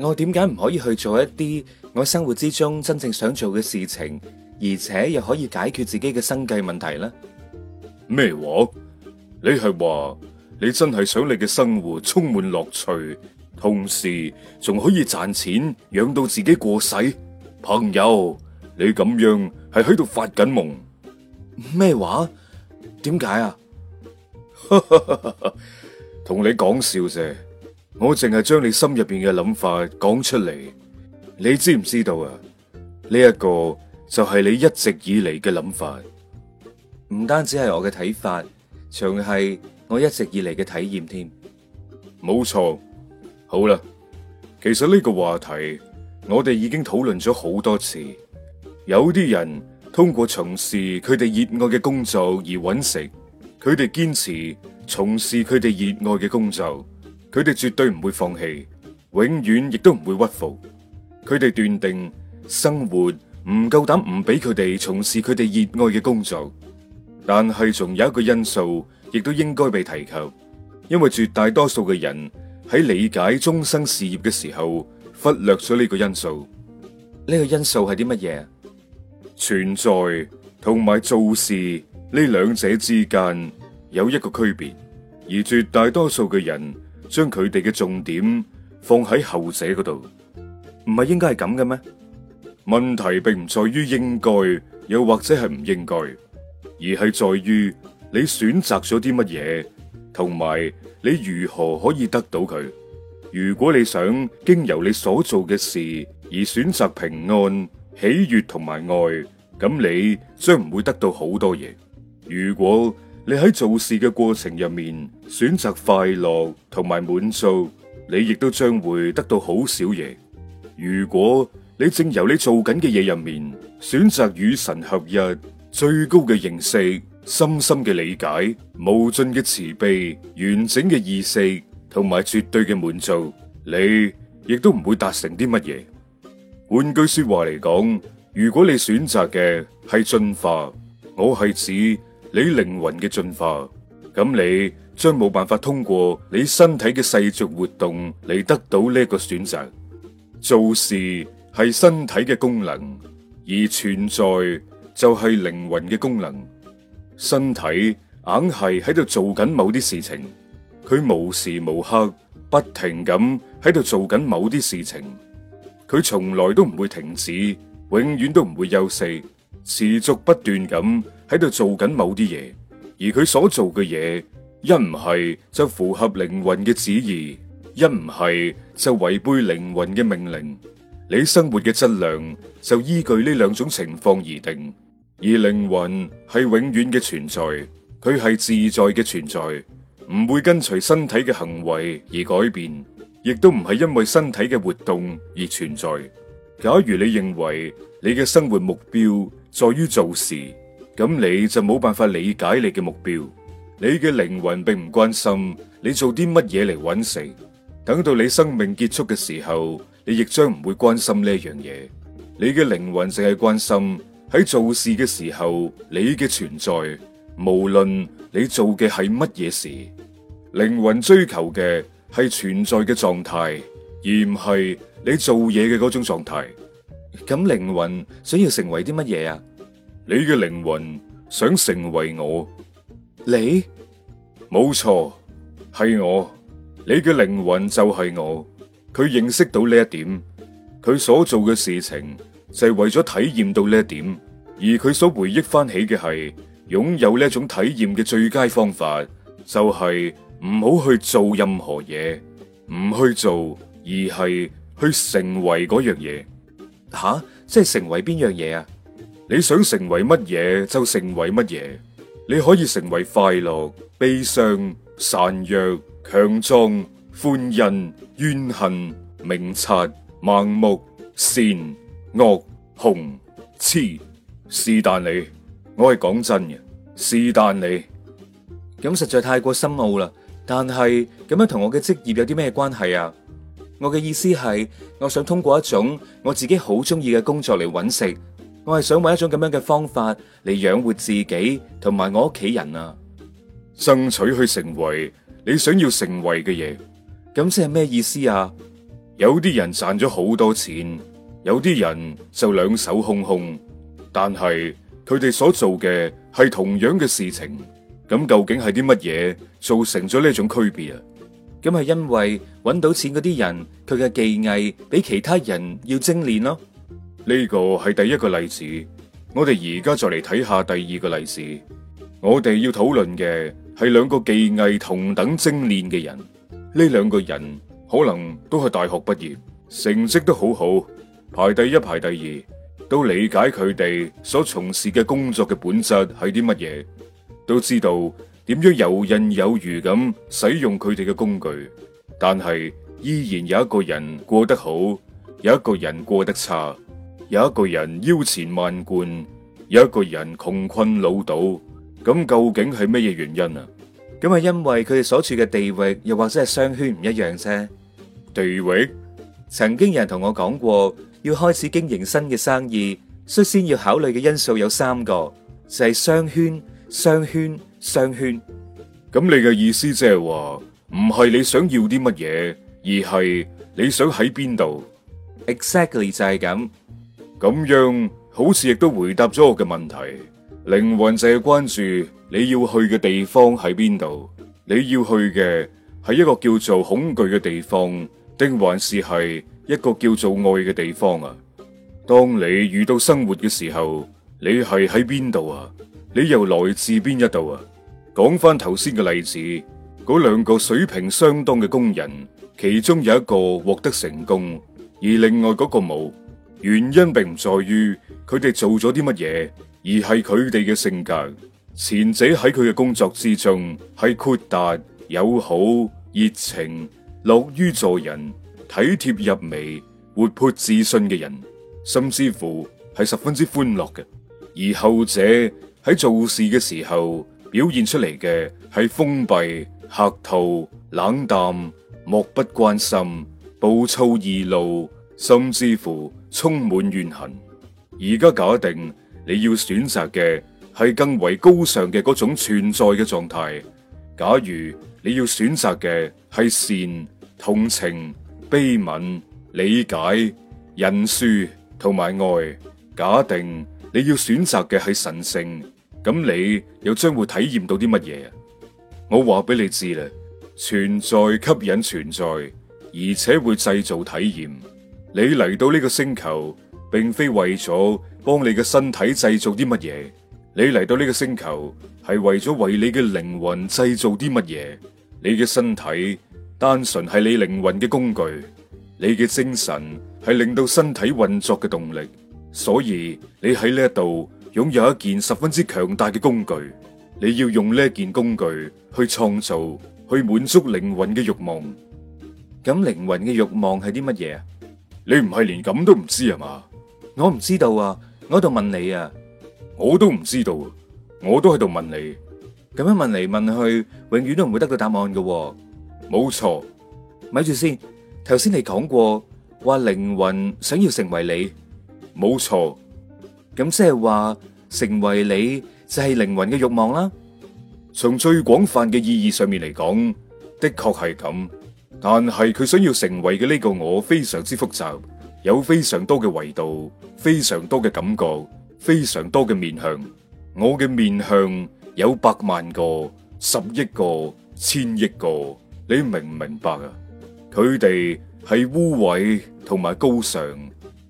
我點解唔可以去做一啲我生活之中真正想做嘅事情，而且又可以解決自己嘅生計問題呢？咩話？你係話你真係想你嘅生活充滿樂趣，同時仲可以賺錢養到自己過世？朋友，你咁樣係喺度發緊夢？咩話？點解啊？同你講笑啫。我淨係將你心入邊嘅諗法講出嚟，你知唔知道啊？呢一個就係你一直以嚟嘅諗法，唔單止係我嘅睇法，仲係我一直以嚟嘅體驗添。冇錯，好啦，其實呢個話題我哋已經討論咗好多次。有啲人通過從事佢哋熱愛嘅工作而揾食，佢哋堅持從事佢哋熱愛嘅工作。佢哋絕對唔會放棄，永遠亦都唔會屈服。佢哋斷定生活唔夠膽唔俾佢哋從事佢哋熱愛嘅工作，但係仲有一個因素亦都應該被提及，因為絕大多數嘅人喺理解終生事業嘅時候忽略咗呢個因素。呢個因素係啲乜嘢？存在同埋做事呢兩者之間有一個區別，而絕大多數嘅人將佢哋嘅重點放喺後者嗰度。唔係應該係咁嘅咩？問題並唔在於應該，又或者係唔應該，而係在於你選擇咗啲乜嘢，同埋你如何可以得到佢。如果你想經由你所做嘅事而選擇平安、喜悅同埋愛，咁你將唔會得到好多嘢。如果你喺做事嘅過程入面選擇快樂同埋滿足，你亦都將會得到好少嘢。如果你正由你做緊嘅嘢入面選擇與神合一最高嘅形式、深深嘅理解、無盡嘅慈悲、完整嘅意識同埋絕對嘅滿足，你亦都唔會達成啲乜嘢。換句說話嚟講，如果你選擇嘅係進化，我係指。你靈魂嘅進化，咁你將冇辦法通過你身體嘅世俗活動嚟得到呢一個選擇。做事係身體嘅功能，而存在就係靈魂嘅功能。身體硬係喺度做緊某啲事情，佢無時無刻不停咁喺度做緊某啲事情，佢從來都唔會停止，永遠都唔會休息。持續不斷咁喺度做緊某啲嘢，而佢所做嘅嘢，一唔係就符合靈魂嘅旨意，一唔係就違背靈魂嘅命令。你生活嘅質量就依據呢兩種情況而定。而靈魂係永遠嘅存在，佢係自在嘅存在，唔會跟隨身體嘅行為而改變，亦都唔係因為身體嘅活動而存在。假如你認為你嘅生活目標，在於做事，咁你就冇辦法理解你嘅目標。你嘅靈魂並唔關心你做啲乜嘢嚟搵食。等到你生命結束嘅時候，你亦將唔會關心呢樣嘢。你嘅靈魂淨係關心喺做事嘅時候，你嘅存在。無論你做嘅係乜嘢事，靈魂追求嘅係存在嘅狀態，而唔係你做嘢嘅嗰種狀態。咁靈魂想要成為啲乜嘢啊？你嘅靈魂想成為我，你，你冇錯，係我，你嘅靈魂就係我。佢認識到呢一點，佢所做嘅事情就係、是、為咗體驗到呢一點。而佢所回憶返起嘅係，擁有呢一種體驗嘅最佳方法就係唔好去做任何嘢，唔去做，而係去成為嗰樣嘢。吓、啊，即係成為邊樣嘢啊？你想成為乜嘢就成為乜嘢，你可以成為快樂、悲傷、孱弱、強壯、歡欣、怨恨、明察、盲目、善、惡、紅、痴，是但你，我係講真嘅，是但你。咁實在太過深奧啦，但係咁樣同我嘅職業有啲咩關係啊？我嘅意思係，我想通過一種我自己好中意嘅工作嚟搵食。我係想揾一種咁樣嘅方法嚟養活自己同埋我屋企人啊，爭取去成為你想要成為嘅嘢，咁即係咩意思啊？有啲人賺咗好多錢，有啲人就兩手空空，但係佢哋所做嘅係同樣嘅事情，咁究竟係啲乜嘢造成咗呢種區別啊？咁係因為揾到錢嗰啲人，佢嘅技藝比其他人要精煉咯。呢個係第一個例子，我哋而家再嚟睇下第二個例子。我哋要討論嘅係兩個技藝同等精練嘅人。呢兩個人可能都係大學畢業，成績都好好，排第一，排第二，都理解佢哋所從事嘅工作嘅本質係啲乜嘢，都知道點樣游刃有餘咁使用佢哋嘅工具，但係依然有一個人過得好，有一個人過得差。有一個人腰纏萬貫，有一個人窮困潦倒，咁究竟係乜嘢原因啊？咁係因為佢哋所處嘅地域，又或者係商圈唔一樣啫。地域曾經有人同我講過，要開始經營新嘅生意，需先要考慮嘅因素有三個，就係商圈、商圈、商圈。咁你嘅意思即係話，唔係你想要啲乜嘢，而係你想喺邊度？Exactly 就係咁。咁樣好似亦都回答咗我嘅問題。靈魂就係關注你要去嘅地方喺邊度？你要去嘅係一個叫做恐懼嘅地方，定還是係一個叫做愛嘅地方啊？當你遇到生活嘅時候，你係喺邊度啊？你又來自邊一度啊？講翻頭先嘅例子，嗰兩個水平相當嘅工人，其中有一個獲得成功，而另外嗰個冇。原因並唔在於佢哋做咗啲乜嘢，而係佢哋嘅性格。前者喺佢嘅工作之中係豁達、友好、熱情、樂於助人、體貼入微、活潑自信嘅人，甚至乎係十分之歡樂嘅；而後者喺做事嘅時候表現出嚟嘅係封閉、客套、冷淡、漠不關心、暴躁、易怒，甚至乎……充滿怨恨，而家假定你要選擇嘅係更為高尚嘅嗰種存在嘅狀態。假如你要選擇嘅係善、同情、悲憫、理解、仁恕同埋愛，假定你要選擇嘅係神聖，咁你又將會體驗到啲乜嘢啊？我話俾你知啦，存在吸引存在，而且會製造體驗。你嚟到呢個星球，並非為咗幫你嘅身體製造啲乜嘢。你嚟到呢個星球係為咗為你嘅靈魂製造啲乜嘢。你嘅身體單純係你靈魂嘅工具，你嘅精神係令到身體運作嘅動力。所以你喺呢一度擁有一件十分之強大嘅工具，你要用呢一件工具去創造，去滿足靈魂嘅欲望。咁靈魂嘅欲望係啲乜嘢啊？你唔係連咁都唔知係嘛？我唔知道啊，我喺度問你啊。我都唔知道啊，我都喺度問你。咁樣問嚟問去，永遠都唔會得到答案噶喎。冇錯，咪住先。頭先你講過話靈魂想要成為你，冇錯。咁即係話成為你就係靈魂嘅慾望啦。從最廣泛嘅意義上面嚟講，的確係咁。但係佢想要成為嘅呢個我非常之複雜，有非常多嘅維度，非常多嘅感覺，非常多嘅面向。我嘅面向有百萬個、十億個、千億個。你明唔明白啊？佢哋係污穢同埋高尚，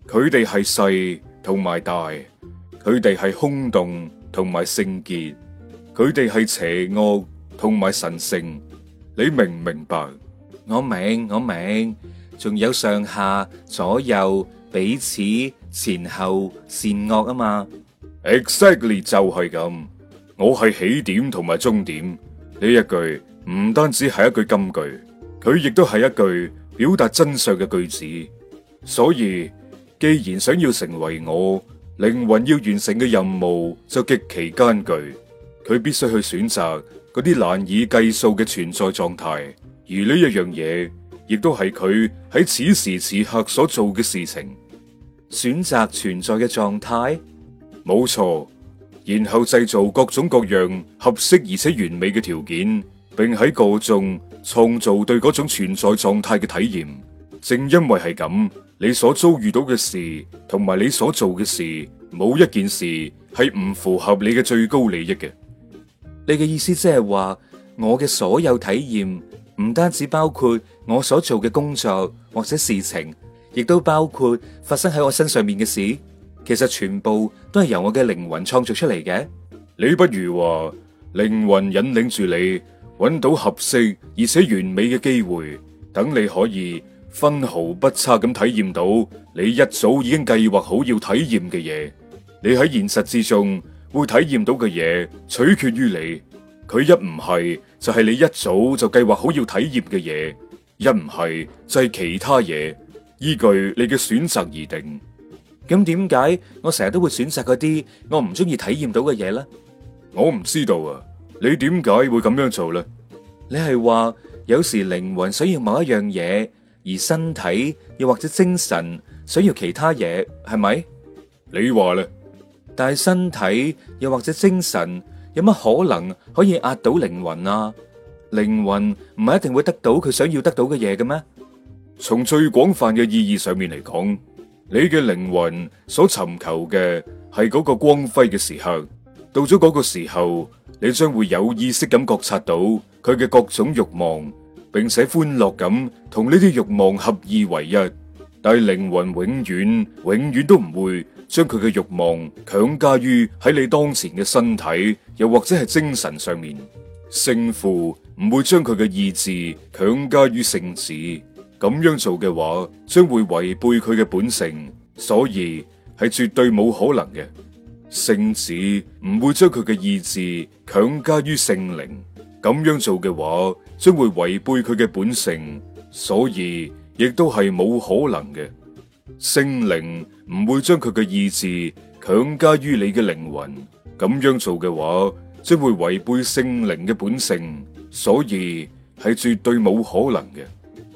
佢哋係細同埋大，佢哋係空洞同埋聖潔，佢哋係邪惡同埋神，神聖。你明唔明白？我明，我明，仲有上下、左右、彼此、前後、善惡啊嘛！Exactly，就係咁，我係起點同埋終點。呢一句，唔單止係一句金句，佢亦都係一句表達真相嘅句子。所以，既然想要成為我，靈魂要完成嘅任務，就極其艱巨，佢必須去選擇嗰啲難以計數嘅存在狀態。而呢一樣嘢，亦都係佢喺此時此刻所做嘅事情。選擇存在嘅狀態，冇錯。然後製造各種各樣合適而且完美嘅條件，並喺個中創造對嗰種存在狀態嘅體驗。正因為係咁，你所遭遇到嘅事同埋你所做嘅事，冇一件事係唔符合你嘅最高利益嘅。你嘅意思即係話，我嘅所有體驗。唔單止包括我所做嘅工作或者事情，亦都包括發生喺我身上面嘅事，其實全部都係由我嘅靈魂創造出嚟嘅。你不如話靈魂引領住你，搵到合適而且完美嘅機會，等你可以分毫不差咁體驗到你一早已經計劃好要體驗嘅嘢。你喺現實之中會體驗到嘅嘢，取決於你。佢一唔係，就係你一早就計劃好要體驗嘅嘢，一唔係就係其他嘢，依據你嘅選擇而定。咁點解我成日都會選擇嗰啲我唔中意體驗到嘅嘢咧？我唔知道啊！你點解會咁樣做咧？你係話有時靈魂想要某一樣嘢，而身體又或者精神想要其他嘢，係咪？你話咧？但係身體又或者精神，有乜可能可以壓倒靈魂啊？靈魂唔係一定會得到佢想要得到嘅嘢嘅咩？從最廣泛嘅意義上面嚟講，你嘅靈魂所尋求嘅係嗰個光輝嘅時刻。到咗嗰個時候，你將會有意識咁覺察到佢嘅各種慾望，並且歡樂咁同呢啲慾望合二為一。但係靈魂永遠永遠都唔會。將佢嘅欲望強加於喺你當前嘅身體，又或者係精神上面。聖父唔會將佢嘅意志強加於聖子，咁樣做嘅話，將會違背佢嘅本性，所以係絕對冇可能嘅。聖子唔會將佢嘅意志強加於聖靈，咁樣做嘅話，將會違背佢嘅本性，所以亦都係冇可能嘅。聖靈。唔會將佢嘅意志強加於你嘅靈魂，咁樣做嘅話，將會違背聖靈嘅本性，所以係絕對冇可能嘅。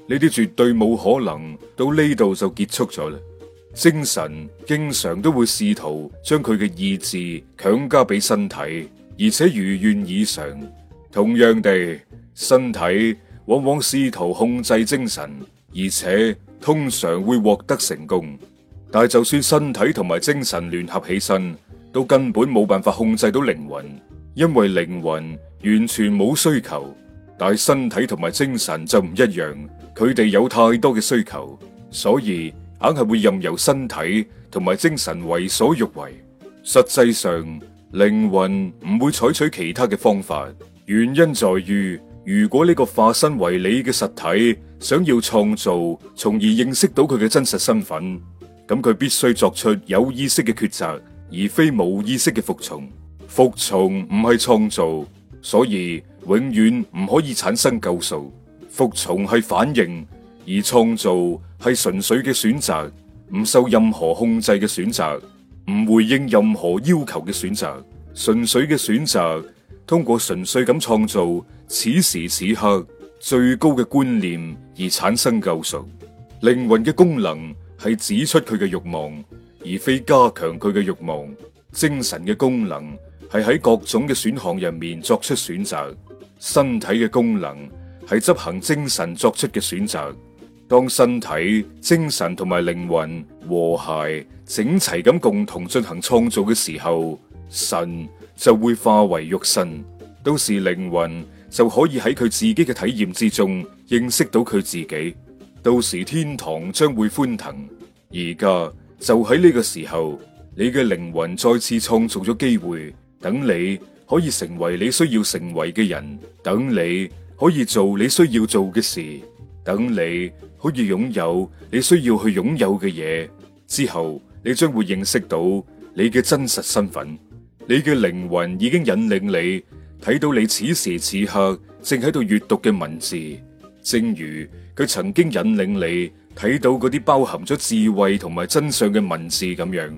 呢啲絕對冇可能到呢度就結束咗啦。精神經常都會試圖將佢嘅意志強加俾身體，而且如願以償。同樣地，身體往往試圖控制精神，而且通常會獲得成功。但就算身體同埋精神聯合起身，都根本冇辦法控制到靈魂，因為靈魂完全冇需求。但係身體同埋精神就唔一樣，佢哋有太多嘅需求，所以硬係會任由身體同埋精神為所欲為。實際上，靈魂唔會採取其他嘅方法，原因在於，如果呢個化身為你嘅實體想要創造，從而認識到佢嘅真實身份。咁佢必須作出有意識嘅抉擇，而非冇意識嘅服從。服從唔係創造，所以永遠唔可以產生救贖。服從係反應，而創造係純粹嘅選擇，唔受任何控制嘅選擇，唔回應任何要求嘅選擇。純粹嘅選擇，通過純粹咁創造，此時此刻最高嘅觀念而產生救贖。靈魂嘅功能係指出佢嘅欲望，而非加強佢嘅欲望。精神嘅功能係喺各種嘅選項入面作出選擇，身體嘅功能係執行精神作出嘅選擇。當身體、精神同埋靈魂和諧整齊咁共同進行創造嘅時候，神就會化為肉身。到時靈魂就可以喺佢自己嘅體驗之中，認識到佢自己。到時天堂將會歡騰，而家就喺呢個時候，你嘅靈魂再次創造咗機會，等你可以成為你需要成為嘅人，等你可以做你需要做嘅事，等你可以擁有你需要去擁有嘅嘢。之後，你將會認識到你嘅真實身份，你嘅靈魂已經引領你，睇到你此時此刻正喺度閱讀嘅文字。正如佢曾經引領你睇到嗰啲包含咗智慧同埋真相嘅文字咁樣，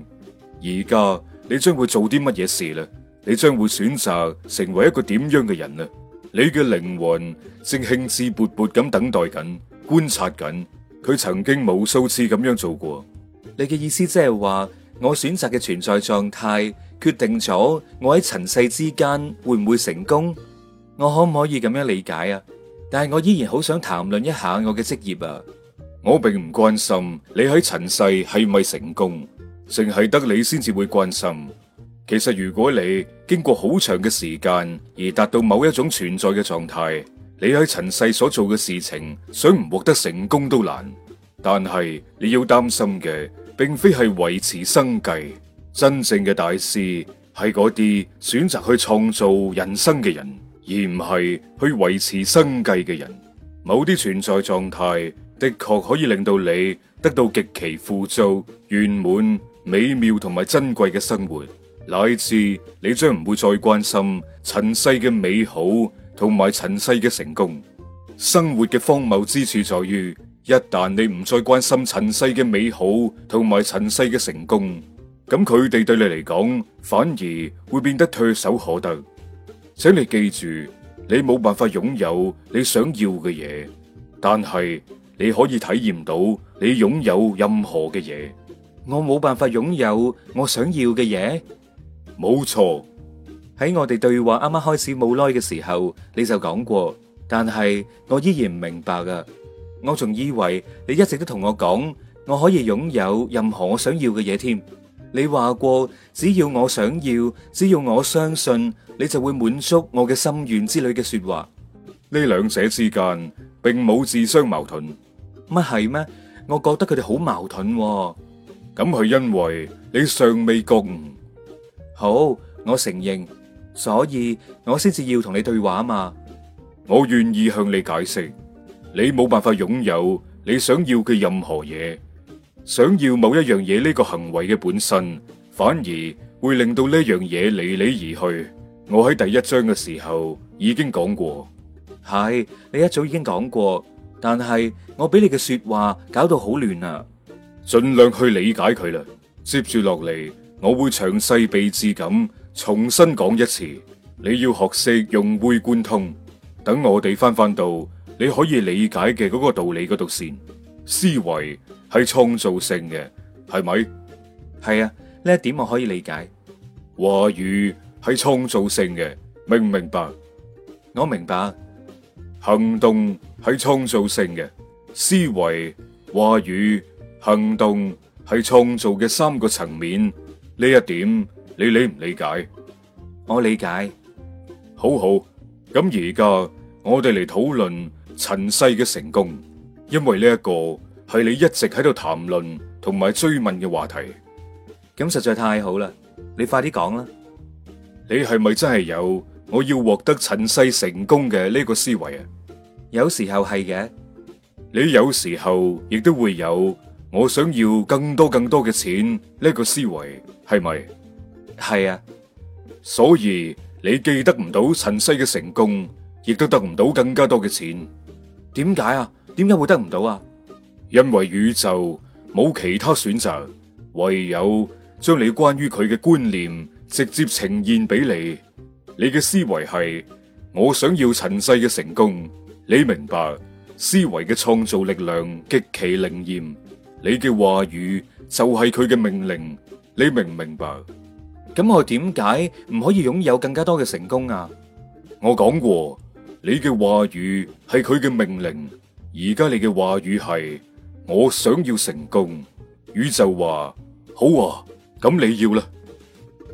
而家你將會做啲乜嘢事呢？你將會選擇成為一個點樣嘅人呢？你嘅靈魂正興致勃勃咁等待緊、觀察緊，佢曾經無數次咁樣做過。你嘅意思即係話，我選擇嘅存在狀態決定咗我喺塵世之間會唔會成功？我可唔可以咁樣理解啊？但係我依然好想談論一下我嘅職業啊！我並唔關心你喺塵世係咪成功，淨係得你先至會關心。其實如果你經過好長嘅時間而達到某一種存在嘅狀態，你喺塵世所做嘅事情想唔獲得成功都難。但係你要擔心嘅，並非係維持生計，真正嘅大師係嗰啲選擇去創造人生嘅人。而唔係去維持生計嘅人，某啲存在狀態的確可以令到你得到極其富足、圓滿、美妙同埋珍貴嘅生活，乃至你將唔會再關心塵世嘅美好同埋塵世嘅成功。生活嘅荒謬之處在於，一旦你唔再關心塵世嘅美好同埋塵世嘅成功，咁佢哋對你嚟講反而會變得唾手可得。請你記住，你冇辦法擁有你想要嘅嘢，但係你可以體驗到你擁有任何嘅嘢。我冇辦法擁有我想要嘅嘢？冇錯。喺我哋對話啱啱開始冇耐嘅時候，你就講過，但係我依然唔明白㗎。我仲以為你一直都同我講，我可以擁有任何我想要嘅嘢添。你話過只要我想要，只要我相信，你就會滿足我嘅心願之類嘅說話。呢兩者之間並冇自相矛盾，乜係咩？我覺得佢哋好矛盾喎。咁係因為你尚未覺悟。好，我承認，所以我先至要同你對話嘛。我願意向你解釋，你冇辦法擁有你想要嘅任何嘢。想要某一樣嘢呢個行為嘅本身，反而會令到呢樣嘢離你而去。我喺第一章嘅時候已經講過，係你一早已經講過，但係我俾你嘅說話搞到好亂啊！盡量去理解佢啦。接住落嚟，我會詳細備至咁重新講一次。你要學識融會貫通，等我哋翻翻到你可以理解嘅嗰個道理嗰度先，思維。係創造性嘅，係咪？係啊，呢一點我可以理解。話語係創造性嘅，明唔明白？我明白。行動係創造性嘅，思維、話語、行動係創造嘅三個層面。呢一點你理唔理解？我理解。好好，咁而家我哋嚟討論塵世嘅成功，因為呢一個。係你一直喺度談論同埋追問嘅話題，咁實在太好啦！你快啲講啦！你係咪真係有我要獲得陳世成功嘅呢個思維啊？有時候係嘅，你有時候亦都會有我想要更多更多嘅錢呢個思維，係咪？係啊，所以你既得唔到陳世嘅成功，亦都得唔到更加多嘅錢。點解啊？點解會得唔到啊？因為宇宙冇其他選擇，唯有將你關於佢嘅觀念直接呈現俾你。你嘅思維係我想要塵世嘅成功，你明白。思維嘅創造力量極其靈驗。你嘅話語就係佢嘅命令，你明唔明白？咁我點解唔可以擁有更加多嘅成功啊？我講過，你嘅話語係佢嘅命令，而家你嘅話語係。我想要成功，宇宙話好啊，咁你要啦。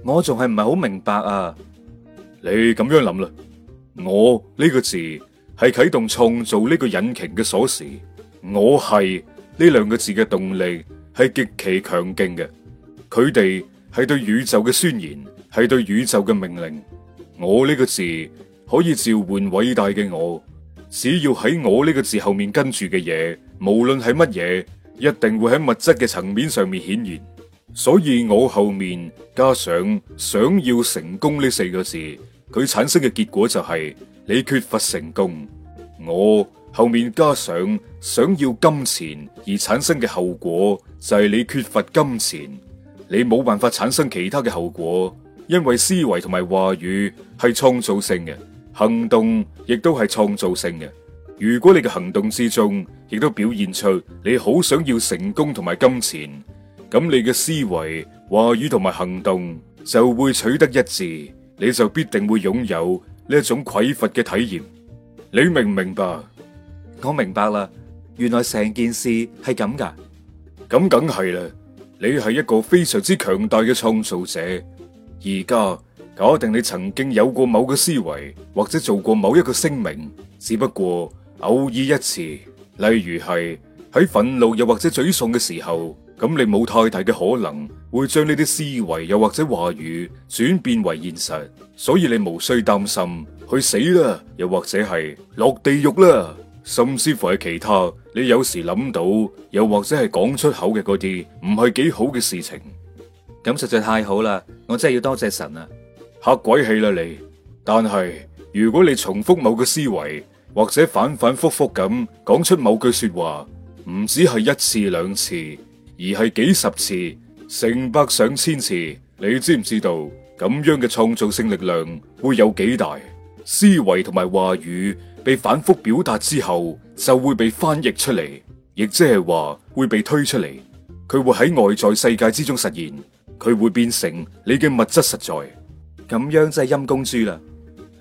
我仲係唔係好明白啊？你咁樣諗啦，我呢個字係啟動創造呢個引擎嘅鎖匙，我係呢兩個字嘅動力係極其強勁嘅。佢哋係對宇宙嘅宣言，係對宇宙嘅命令。我呢個字可以召喚偉大嘅我，只要喺我呢個字後面跟住嘅嘢，無論係乜嘢，一定會喺物質嘅層面上面顯現，所以我後面加上想要成功呢四個字，佢產生嘅結果就係你缺乏成功。我後面加上想要金錢而產生嘅後果就係你缺乏金錢，你冇辦法產生其他嘅後果，因為思維同埋話語係創造性嘅，行動亦都係創造性嘅。如果你嘅行動之中亦都表現出你好想要成功同埋金錢，咁你嘅思維話語同埋行動就會取得一致，你就必定會擁有呢一種匱乏嘅體驗。你明唔明白？我明白啦。原來成件事係咁噶，咁梗係啦。你係一個非常之強大嘅創造者，而家假定你曾經有過某個思維或者做過某一個聲明，只不過。偶爾一次，例如係喺憤怒又或者沮喪嘅時候，咁你冇太大嘅可能會將呢啲思維又或者話語轉變為現實，所以你無需擔心去死啦，又或者係落地獄啦，甚至乎係其他。你有時諗到又或者係講出口嘅嗰啲唔係幾好嘅事情，咁實在太好啦！我真係要多謝神啊！吓鬼氣啦你！但係如果你重複某個思維，或者反反复复咁講出某句說話，唔止係一次兩次，而係幾十次、成百上千次。你知唔知道咁樣嘅創造性力量會有幾大？思維同埋話語被反覆表達之後，就會被翻譯出嚟，亦即係話會被推出嚟。佢會喺外在世界之中實現，佢會變成你嘅物質實在。咁樣真係陰公豬啦！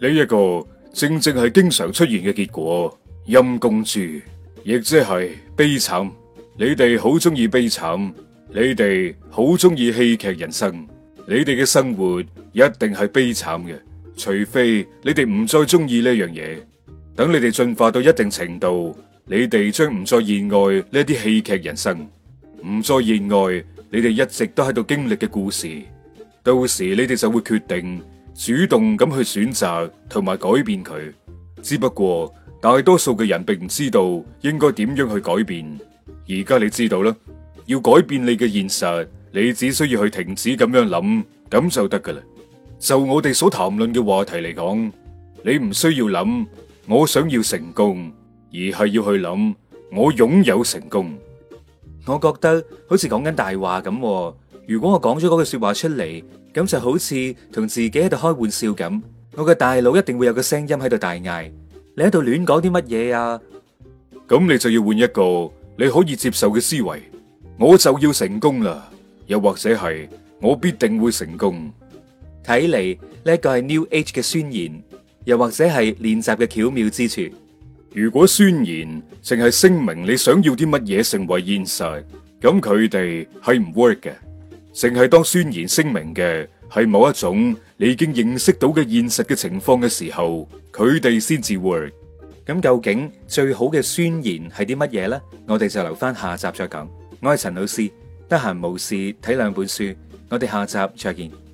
呢一個。正正係經常出現嘅結果，陰公豬，亦即係悲慘。你哋好中意悲慘，你哋好中意戲劇人生，你哋嘅生活一定係悲慘嘅，除非你哋唔再中意呢樣嘢。等你哋進化到一定程度，你哋將唔再熱愛呢啲戲劇人生，唔再熱愛，愛你哋一直都喺度經歷嘅故事，到時你哋就會決定。主動咁去選擇同埋改變佢，只不過大多數嘅人並唔知道應該點樣去改變。而家你知道啦，要改變你嘅現實，你只需要去停止咁樣諗，咁就得噶啦。就我哋所談論嘅話題嚟講，你唔需要諗我想要成功，而係要去諗我擁有成功。我覺得好似講緊大話咁。如果我講咗嗰句說話出嚟，咁就好似同自己喺度開玩笑咁。我嘅大腦一定會有個聲音喺度大嗌：你喺度亂講啲乜嘢啊？咁你就要換一個你可以接受嘅思維。我就要成功啦，又或者係我必定會成功。睇嚟呢個係 New Age 嘅宣言，又或者係練習嘅巧妙之處。如果宣言淨係聲明你想要啲乜嘢成為現實，咁佢哋係唔 work 嘅。淨係當宣言聲明嘅係某一種你已經認識到嘅現實嘅情況嘅時候，佢哋先至 work。咁究竟最好嘅宣言係啲乜嘢呢？我哋就留翻下集再講。我係陳老師，得閒無事睇兩本書，我哋下集再見。